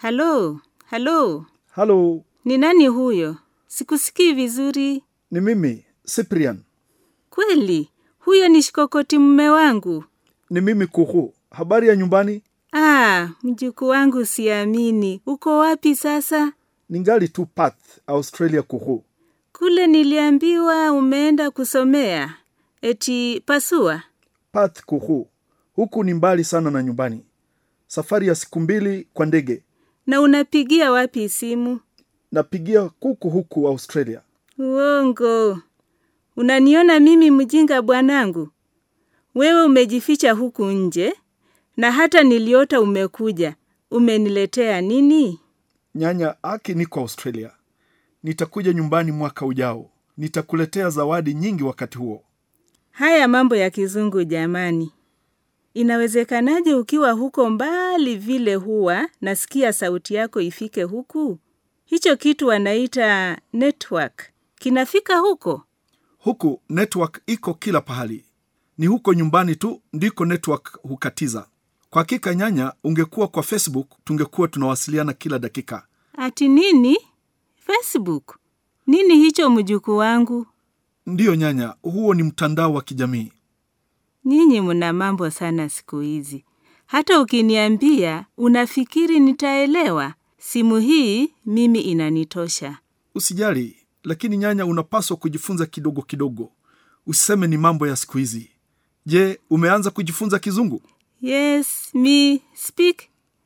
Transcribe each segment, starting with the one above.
Halo, halo. Halo. Ni nani huyo? Sikusikii vizuri. Ni mimi, Cyprian. Kweli, huyo ni Shikokoti mume wangu. Ni mimi Kuku. Habari ya nyumbani? Ah, mjukuu wangu siamini. Uko wapi sasa? Ningali tu Perth, Australia Kuku. Kule niliambiwa umeenda kusomea. Eti pasua? Perth Kuku. Huku ni mbali sana na nyumbani. Safari ya siku mbili kwa ndege. Na unapigia wapi simu? Napigia kuku huku Australia. Uongo. Unaniona mimi mjinga bwanangu? Wewe umejificha huku nje na hata niliota umekuja. Umeniletea nini? Nyanya Aki niko Australia. Nitakuja nyumbani mwaka ujao. Nitakuletea zawadi nyingi wakati huo. Haya mambo ya kizungu jamani. Inawezekanaje ukiwa huko mbali vile huwa nasikia sauti yako ifike huku? Hicho kitu wanaita network. Kinafika huko? Huku network iko kila pahali. Ni huko nyumbani tu ndiko network hukatiza. Kwa hakika nyanya, ungekuwa kwa Facebook tungekuwa tunawasiliana kila dakika. Ati nini? Facebook? Nini hicho mjukuu wangu? Ndiyo nyanya, huo ni mtandao wa kijamii. Nyinyi mna mambo sana siku hizi. Hata ukiniambia unafikiri nitaelewa? Simu hii mimi inanitosha. Usijali, lakini nyanya, unapaswa kujifunza kidogo kidogo. Usiseme ni mambo ya siku hizi. Je, umeanza kujifunza Kizungu? Yes, me speak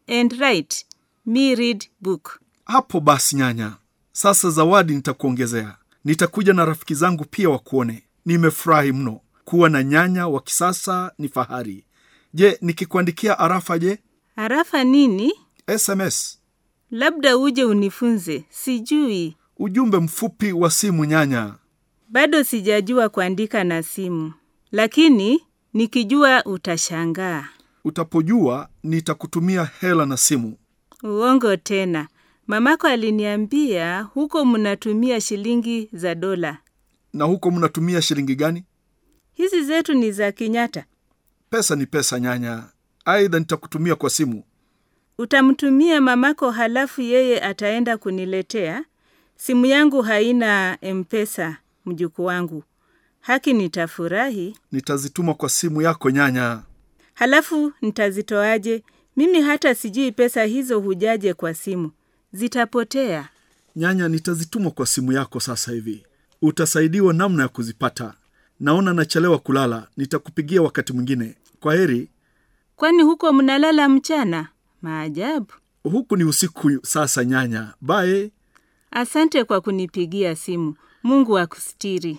and write. Me read book. Hapo basi nyanya. Sasa zawadi nitakuongezea. Nitakuja na rafiki zangu pia wakuone. Nimefurahi mno kuwa na nyanya wa kisasa ni fahari. Je, nikikuandikia arafa je? Arafa nini? SMS. Labda uje unifunze, sijui. Ujumbe mfupi wa simu nyanya. Bado sijajua kuandika na simu, lakini nikijua utashangaa. Utapojua nitakutumia hela na simu. Uongo tena. Mamako aliniambia huko mnatumia shilingi za dola. Na huko mnatumia shilingi gani? Hizi zetu ni za kinyata. Pesa ni pesa, nyanya. Aidha nitakutumia kwa simu. Utamtumia mamako, halafu yeye ataenda kuniletea. Simu yangu haina Mpesa, mjuku wangu. Haki nitafurahi. Nitazituma kwa simu yako nyanya. Halafu nitazitoaje? Mimi hata sijui pesa hizo hujaje kwa simu, zitapotea. Nyanya, nitazituma kwa simu yako sasa hivi. Utasaidiwa namna ya kuzipata naona nachelewa kulala, nitakupigia wakati mwingine. Kwa heri. Kwani huko mnalala mchana? Maajabu. Huku ni usiku sasa, nyanya. Bae. Asante kwa kunipigia simu. Mungu akustiri